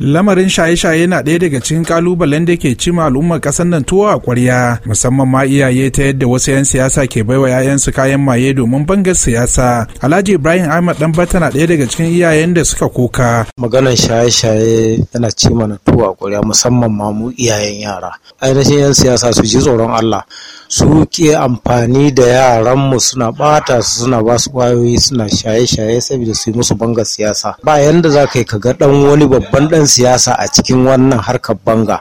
lamarin shaye-shaye na ɗaya daga cikin kalubalen da ke cima al'ummar ƙasar nan tuwo a ƙwarya musamman ma iyaye ta yadda wasu 'yan siyasa ke baiwa 'ya'yansu kayan maye domin bangar siyasa alhaji ibrahim ahmad dan na ɗaya daga cikin iyayen da suka kuka maganar shaye-shaye yana ci mana tuwo a ƙwarya musamman ma mu iyayen yara ainihin 'yan siyasa su ji tsoron allah su ke amfani da yaranmu suna ɓata su suna ba su ƙwayoyi suna shaye-shaye saboda su yi musu bangar siyasa ba yanda za ka yi ka ga ɗan wani babban ɗan siyasa a cikin wannan harkar banga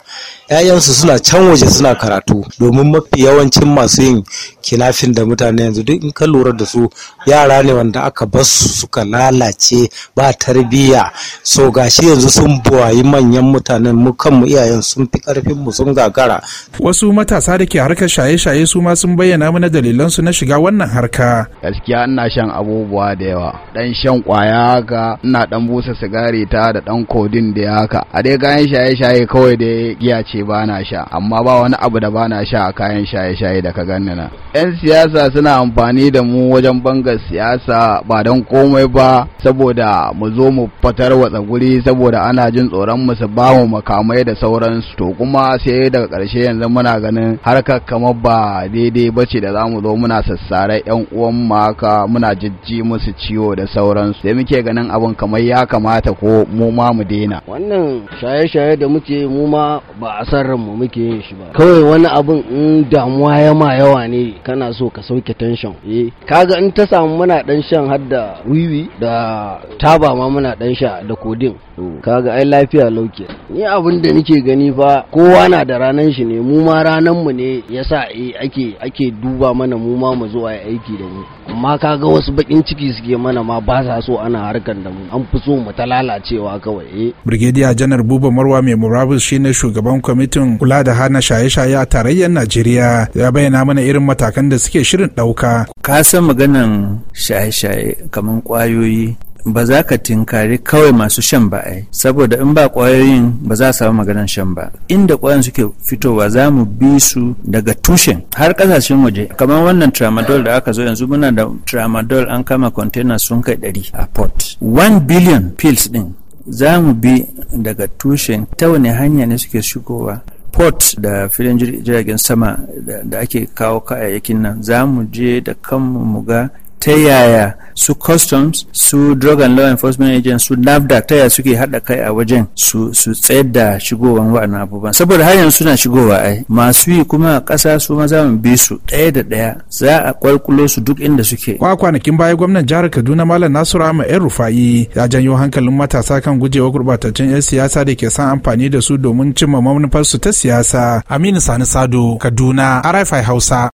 ‘ya'yansu suna can waje suna karatu domin mafi yawancin masu yin kinafin da mutane yanzu duk in ka lura da su yara ne wanda aka su suka lalace ba tarbiyya so gashi yanzu sun buwayi manyan mutanen mu kanmu iyayen sun fi karfin mu sun gagara wasu matasa da ke harkar shaye-shaye su ma sun bayyana mana dalilan su na shiga wannan harka gaskiya ina shan abubuwa da yawa dan shan kwaya ga ina dan busa sigari ta da dan kodin da ya haka a dai kayan shaye-shaye kawai da ya ce ba na sha amma ba wani abu da ba na sha a kayan shaye-shaye da ka ganni na yan siyasa suna amfani da mu wajen banga siyasa ba don komai ba saboda mu zo mu fatar watsa guri saboda ana jin tsoron mu su ba mu makamai da sauransu to kuma sai daga karshe yanzu muna ganin harkar kamar ba daidai ba ce da za mu zo muna sassare yan uwan mu haka muna jijji musu ciwo da sauransu sai muke ganin abin kamar ya kamata ko mu ma mu daina wannan shaye-shaye da muke mu ma ba a san mu muke yin shi ba kawai wani abun in damuwa ya ma yawa ne kana so ka sauke tension eh kaga in ta samu muna dan shan har da wiwi da taba ma muna dan sha da kodin kaga ai lafiya lauke ni abin da nake gani fa kowa na da ranan shi ne mu ma ranan mu ne yasa eh ake ake duba mana mu ma mu zo aiki da mu amma kaga wasu bakin ciki suke mana ma ba sa so ana harkan da mu an fi so mu ta lalacewa kawai eh Birgediya Janar Buba Marwa mai murabus shine shugaban kwamitin kula da hana shaye-shaye a tarayyar Najeriya ya bayyana mana irin matakan da suke shirin ɗauka. Ka san maganan shaye-shaye kamar ƙwayoyi ba za ka tinkari kawai masu shan ba ai saboda in ba kwayoyin ba za samu maganan shan ba inda ƙwayoyin suke fitowa za mu bi su daga tushen har kasashen waje kamar wannan tramadol da aka zo yanzu muna da tramadol an kama container sun kai ɗari a port 1 billion pills din za mu bi daga tushen ta wani hanya ne suke shigowa port da filin jiragen sama da ake kawo kayayyakin nan za mu je da kanmu mu ga ta yaya su customs su drug and law enforcement agents su nafdac ta yaya suke haɗa kai a wajen su tsayar da shigowar wa'annan abubuwan saboda har yanzu suna shigowa ai masu yi kuma ƙasa su ma zamu bi su ɗaya da ɗaya za a kwalkulo su duk inda suke kwa kwanakin baya gwamnan jihar kaduna malam nasiru ahmad yan rufa'i ya janyo hankalin matasa kan gujewa gurɓataccen yan siyasa da ke san amfani da su domin cimma manufarsu ta siyasa aminu sani sado kaduna rfi hausa